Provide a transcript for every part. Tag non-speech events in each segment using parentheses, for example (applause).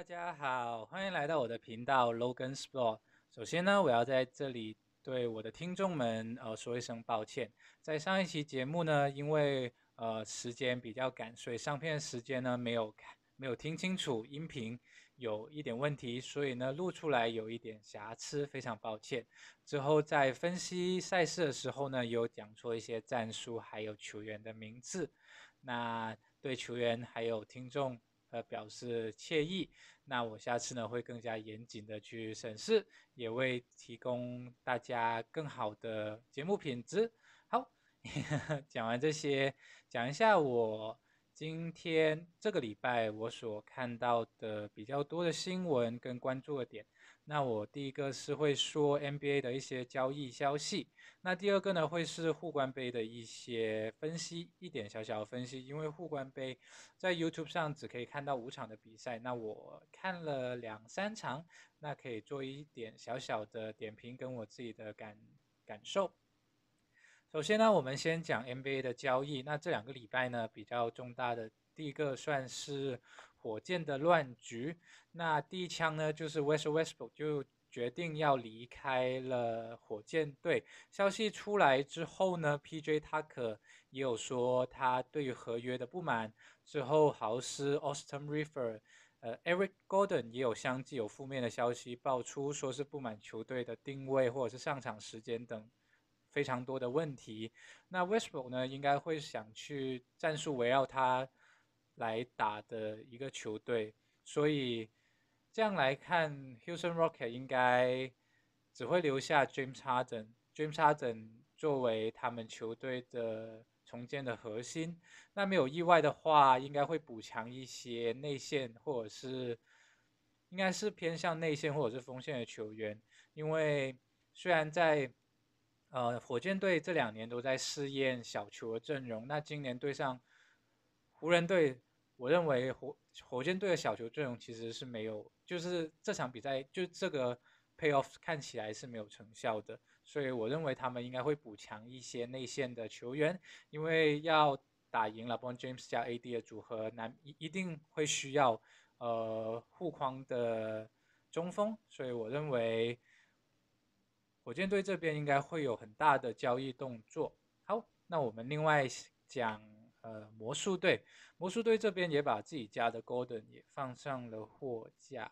大家好，歡迎來到我的頻道 Logan Sport。首先呢，我要在這裡對我的聽眾們呃說一聲抱歉。在上一期節目呢，因為呃時間比較趕，所以上片時間呢沒有看沒有聽清楚，音頻有一點問題，所以呢錄出來有一點瑕疵，非常抱歉。之後在分析賽事的時候呢，也有講錯一些戰術，還有球員的名字。那對球員還有聽眾。呃，表示歉意。那我下次呢，會更加嚴謹的去審視，也為提供大家更好的節目品質。好， (laughs) 講完這些，講一下我今天、這個禮拜我所看到的比較多的新聞跟關注的點。那我第一個是會說 NBA 的一些交易消息，那第二個呢會是觀護盃的一些分析，一點小小的分析，因為觀護盃在 YouTube 上只可以看到五場的比賽，那我看了兩三場，那可以做一點小小的點評跟我自己的感感受。首先呢，我們先講 NBA 的交易，那這兩個禮拜呢比較重大的，第一個算是。火箭的亂局，那第一槍呢，就是 West Westbrook 就決定要離開了火箭隊。消息出來之後呢，PJ 塔克也有說他對於合約的不滿。之後好 River,、呃，豪斯 Austin Rivers 呃，Eric Gordon 也有相繼有負面的消息爆出，說是不滿球隊的定位或者是上場時間等非常多的問題。那 Westbrook 呢，應該會想去戰術圍繞他。來打的一個球隊，所以這樣來看，休斯頓火箭應該只會留下 James Harden，James Harden 作為他們球隊的重建的核心。那沒有意外的話，應該會補強一些內線，或者是應該是偏向內線或者是鋒線的球員，因為雖然在呃火箭隊這兩年都在試驗小球的陣容，那今年對上湖人隊。我認為火火箭隊的小球陣容其實是沒有，就是這場比賽，就這個 pay off 看起來是沒有成效的，所以我認為他們應該會補強一些內線的球員，因為要打贏 LeBron James 加 AD 的組合，難一一定會需要呃，護框的中鋒，所以我認為火箭隊這邊應該會有很大的交易動作。好，那我們另外講。呃，魔術隊，魔術隊這邊也把自己家的 Gordon 也放上了貨架。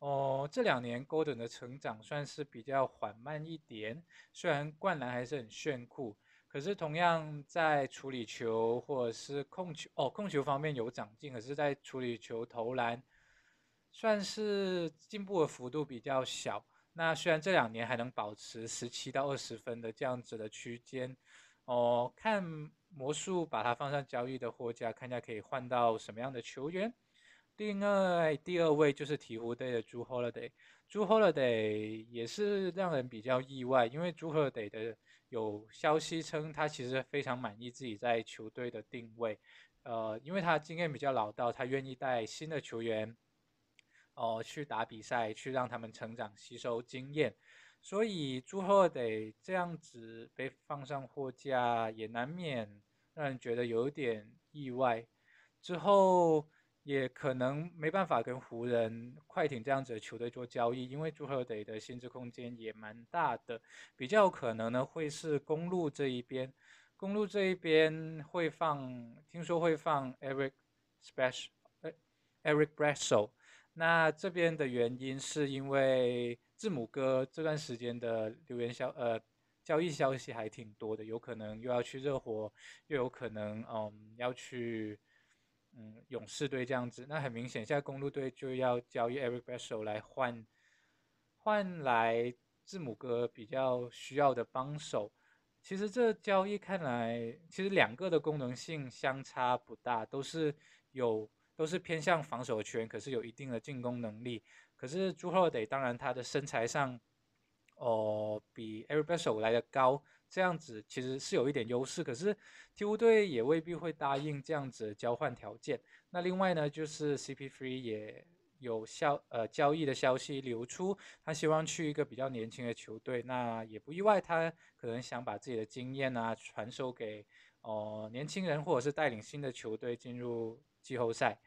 哦，這兩年 Gordon 的成長算是比較緩慢一點，雖然灌籃還是很炫酷，可是同樣在處理球或者是控球，哦，控球方面有長進，可是，在處理球投籃，算是進步的幅度比較小。那雖然這兩年還能保持十七到二十分的這樣子的區間，哦，看。魔術把它放上交易的貨架，看一下可以換到什麼樣的球員。另外，第二位就是鹈鶘隊的朱霍勒德。朱霍勒德也是讓人比較意外，因為朱霍勒德的有消息稱，他其實非常滿意自己在球隊的定位。呃，因為他經驗比較老到，他願意帶新的球員哦、呃、去打比賽，去讓他們成長、吸收經驗。所以朱霍勒德這樣子被放上貨架，也難免。讓人覺得有點意外，之後也可能沒辦法跟湖人、快艇這樣子的球隊做交易，因為朱赫德的薪資空間也蠻大的，比較可能呢會是公鹿這一邊，公鹿這一邊會放，聽說會放 Eric，Special，哎，Eric Bledsoe，那這邊的原因是因為字母哥這段時間的流言消，呃。交易消息還挺多的，有可能又要去熱火，又有可能嗯要去嗯勇士隊這樣子。那很明顯，現在公鹿隊就要交易 Eric Bledsoe 來換換來字母哥比較需要的幫手。其實這交易看來，其實兩個的功能性相差不大，都是有都是偏向防守權，可是有一定的進攻能力。可是朱霍德當然他的身材上。哦、呃，比 a e r b a s h a l 來得高，這樣子其實是有一點優勢，可是鵜鶘隊也未必會答應這樣子交換條件。那另外呢，就是 CP3 也有消呃交易的消息流出，他希望去一個比較年輕的球隊，那也不意外，他可能想把自己的經驗啊傳授給哦、呃、年輕人，或者是帶領新的球隊進入季後賽。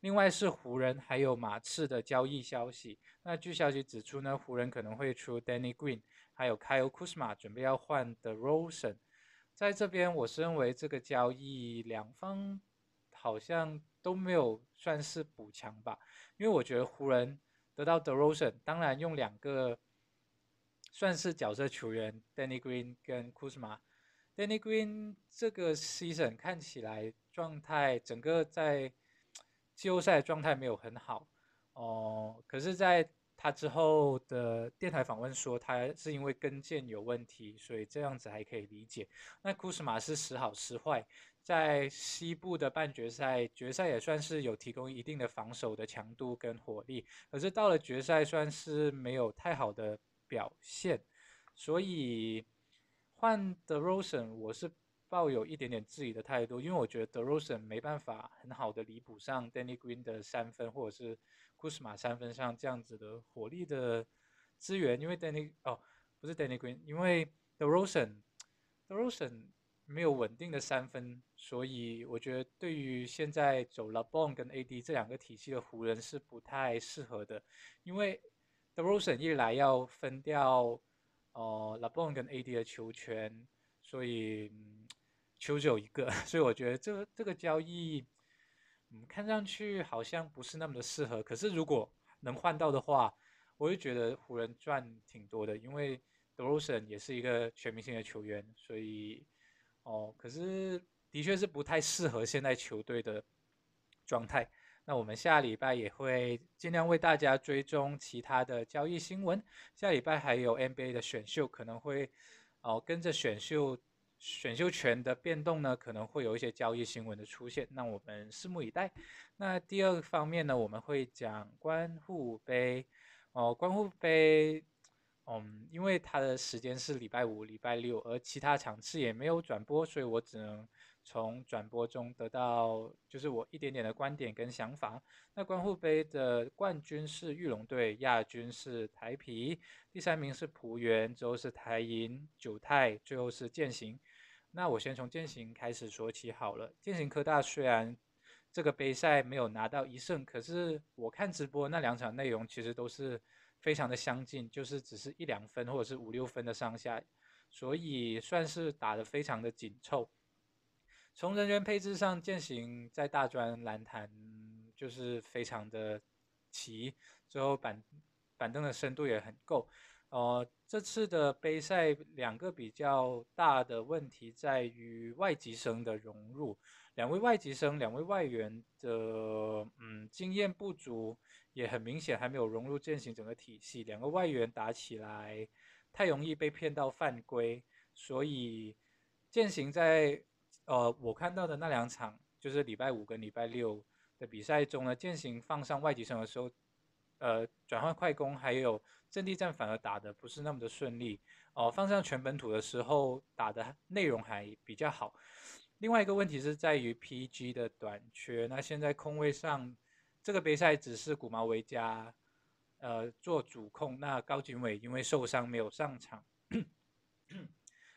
另外是湖人還有馬刺的交易消息。那據消息指出呢，湖人可能會出 Danny Green，還有 Kyle Kuzma，準備要換 DeRozan。在這邊，我是認為這個交易兩方好像都沒有算是補強吧，因為我覺得湖人得到 DeRozan，當然用兩個算是角色球員 Danny Green 跟 Kuzma。Danny Green 這個 season 看起來狀態整個在。季後賽狀態沒有很好哦，可是，在他之後的電台訪問說，他是因為跟腱有問題，所以這樣子還可以理解。那庫斯馬是時好時壞，在西部的半決賽、決賽也算是有提供一定的防守的強度跟火力，可是到了決賽算是沒有太好的表現，所以換德羅森，我是。抱有一點點質疑的態度，因為我覺得 DeRozan 沒辦法很好的彌補上 Danny Green 的三分，或者是 Kuzma 三分上這樣子的火力的資源。因為 Danny 哦，不是 Danny Green，因為 DeRozan DeRozan 沒有穩定的三分，所以我覺得對於現在走 LeBron 跟 AD 這兩個體系的湖人是不太適合的，因為 DeRozan 一來要分掉呃 LeBron 跟 AD 的球權，所以。嗯球只有一個，所以我覺得這個這個交易，嗯，看上去好像不是那麼的適合。可是如果能換到的話，我就覺得湖人賺挺多的，因為 DeRozan 也是一個全明星的球員，所以哦，可是的確是不太適合現在球隊的狀態。那我們下禮拜也會盡量為大家追蹤其他的交易新聞。下禮拜還有 NBA 的選秀，可能會哦跟着選秀。選秀權的變動呢，可能會有一些交易新聞的出現，那我們拭目以待。那第二個方面呢，我們會講觀護盃。哦，觀護盃，嗯、哦，因為它的時間是禮拜五、禮拜六，而其他場次也沒有轉播，所以我只能從轉播中得到，就是我一點點的觀點跟想法。那觀護盃的冠軍是裕隆隊，亞軍是台啤，第三名是璞園，之後是台銀、九太，最後是健行。那我先從健行開始說起好了。健行科大雖然這個杯賽沒有拿到一勝，可是我看直播那兩場內容其實都是非常的相近，就是只是一兩分或者是五六分的上下，所以算是打得非常的緊湊。從人員配置上，健行在大專籃壇就是非常的齊，最後板板凳的深度也很夠。呃，這次的杯賽兩個比較大的問題在於外籍生的融入。兩位外籍生，兩位外援的，嗯，經驗不足，也很明顯還沒有融入健行整個體系。兩個外援打起來太容易被騙到犯規，所以健行在呃我看到的那兩場，就是禮拜五跟禮拜六的比賽中呢，健行放上外籍生的時候。呃，轉換快攻還有陣地戰反而打得不是那麼的順利。哦，放上全本土的時候打的內容還比較好。另外一個問題是在於 PG 的短缺。那現在控位上，這個杯賽只是古毛維加，呃，做主控。那高景偉因為受傷沒有上場。 (coughs)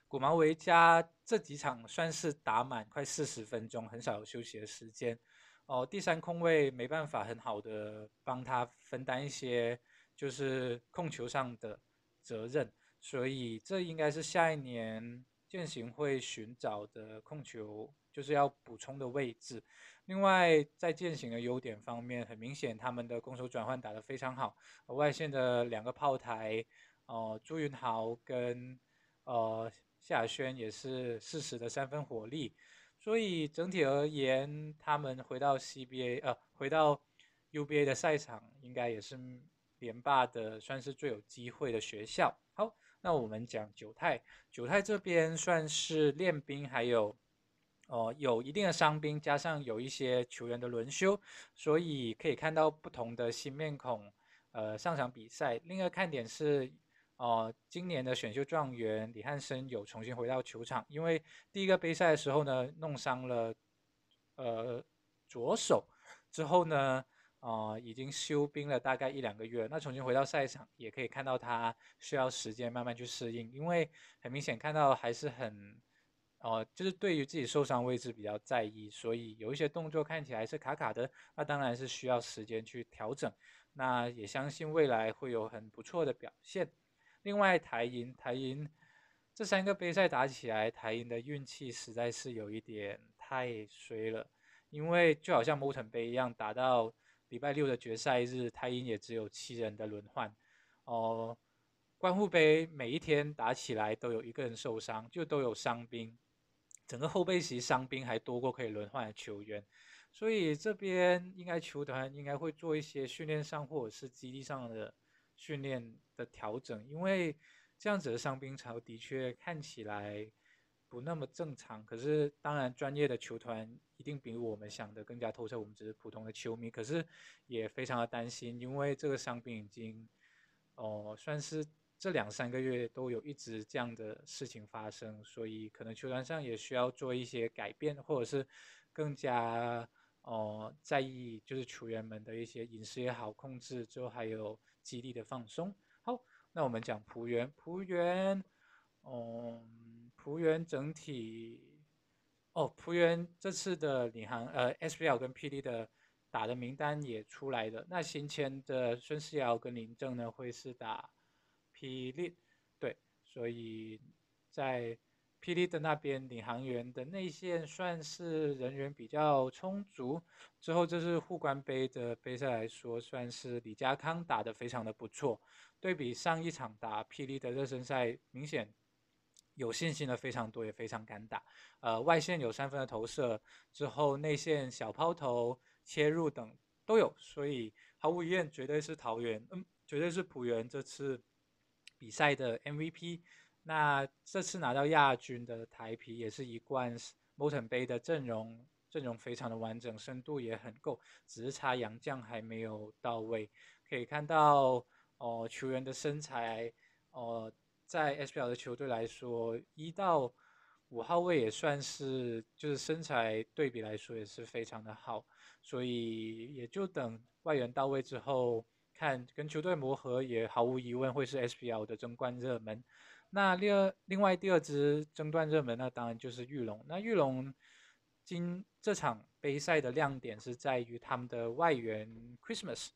古毛維加這幾場算是打滿快四十分鐘，很少有休息的時間。哦，第三控衛沒辦法很好的幫他分擔一些，就是控球上的責任，所以這應該是下一年健行會尋找的控球，就是要補充的位置。另外，在健行的優點方面，很明顯他們的攻守轉換打得非常好，外線的兩個炮台，哦、呃，朱雲豪跟呃夏亞軒也是適時的三分火力。所以整體而言，他們回到 CBA，呃，回到 UBA 的賽場，應該也是連霸的，算是最有機會的學校。好，那我們講九太，九太這邊算是練兵，還有哦、呃，有一定的傷兵，加上有一些球員的輪休，所以可以看到不同的新面孔，呃，上場比賽。另一個看點是。哦、呃，今年的選秀狀元李漢森有重新回到球場，因為第一個杯賽的時候呢，弄傷了，呃，左手之後呢，啊、呃，已經休兵了大概一兩個月。那重新回到賽場，也可以看到他需要時間慢慢去適應，因為很明顯看到還是很，哦、呃，就是對於自己受傷位置比較在意，所以有一些動作看起來是卡卡的，那當然是需要時間去調整。那也相信未來會有很不錯的表現。另外，台銀、台銀這三個杯賽打起來，台銀的運氣實在是有一點太衰了。因為就好像摩騰杯一樣，打到禮拜六的決賽日，台銀也只有七人的輪換。哦、呃，觀護盃每一天打起來都有一個人受傷，就都有傷兵，整個後備席傷兵還多過可以輪換的球員，所以這邊應該球團應該會做一些訓練上或者是基地上的。訓練的調整，因為這樣子的傷兵潮的確看起來不那麼正常。可是，當然專業的球團一定比我們想的更加透徹，我們只是普通的球迷。可是也非常的擔心，因為這個傷病已經哦、呃，算是這兩三個月都有一直這樣的事情發生，所以可能球團上也需要做一些改變，或者是更加哦、呃、在意，就是球員們的一些飲食也好控制，之後還有。極力的放鬆。好，那我們講璞園，璞園，嗯，璞園整體，哦，璞園這次的領航，呃，SBL 跟 PD 的打的名單也出來了。那新簽的孫思堯跟林正呢，會是打 PD，對，所以在。霹靂的那邊領航員的內線算是人員比較充足，之後就是觀護盃的盃賽來說，算是李家康打得非常的不錯。對比上一場打霹靂的熱身賽，明顯有信心的非常多，也非常敢打。呃，外線有三分的投射，之後內線小拋投、切入等都有，所以毫無疑問，絕對是桃園，嗯，絕對是璞園這次比賽的 MVP。那這次拿到亞軍的台啤也是一貫 MOTON 杯的陣容，陣容非常的完整，深度也很夠，只是差洋將還沒有到位。可以看到，哦、呃，球員的身材，哦、呃，在 SBL 的球隊來說，一到五號位也算是，就是身材對比來說也是非常的好，所以也就等外援到位之後，看跟球隊磨合，也毫無疑問會是 SBL 的爭冠熱門。那另二，另外第二支爭端熱門呢，那當然就是裕隆。那裕隆今這場杯賽的亮點是在於他們的外援 Christmas。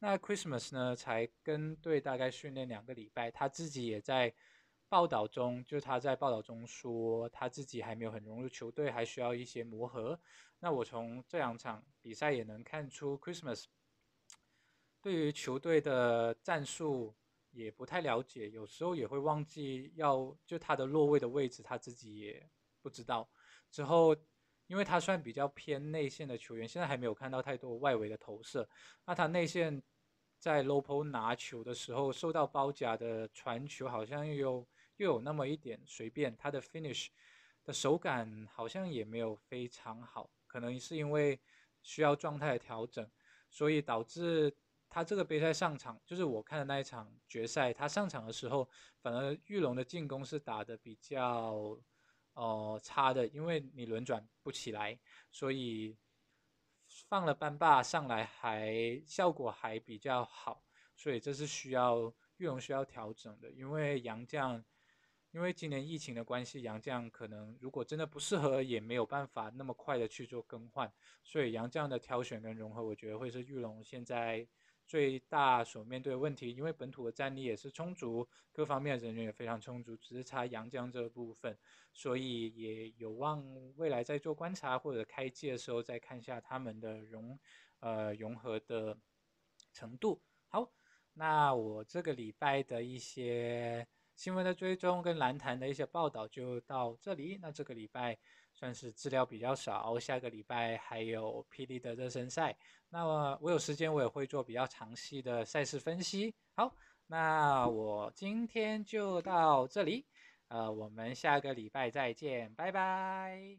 那 Christmas 呢，才跟隊大概訓練兩個禮拜，他自己也在報道中，就他在報道中說，他自己還沒有很融入球隊，還需要一些磨合。那我從這兩場比賽也能看出，Christmas 對於球隊的戰術。也不太了解，有時候也會忘記要就他的落位的位置，他自己也不知道。之後，因為他算比較偏內線的球員，現在還沒有看到太多外圍的投射。那他內線在 low post 拿球的時候，受到包夾的傳球好像又有，又有那麼一點隨便，他的 finish 的手感好像也沒有非常好，可能是因為需要狀態的調整，所以導致。他這個盃賽上場，就是我看的那一場決賽，他上場的時候，反而裕隆的進攻是打得比較，哦、呃，差的，因為你輪轉不起來，所以放了班霸上來還效果還比較好，所以這是需要裕隆需要調整的，因為洋將，因為今年疫情的關係，洋將可能如果真的不適合，也沒有辦法那麼快的去做更換，所以洋將的挑選跟融合，我覺得會是裕隆現在。最大所面對的問題，因為本土的戰力也是充足，各方面的人員也非常充足，只是差洋將這部分，所以也有望未來在做觀察或者開機的時候再看一下他們的融，呃融合的程度。好，那我這個禮拜的一些新聞的追蹤跟籃壇的一些報道就到這裡。那這個禮拜。算是資料比較少，下個禮拜還有霹 d 的熱身賽，那麼我，我有時間我也會做比較長系的賽事分析。好，那我今天就到這裡，呃，我們下個禮拜再見，拜拜。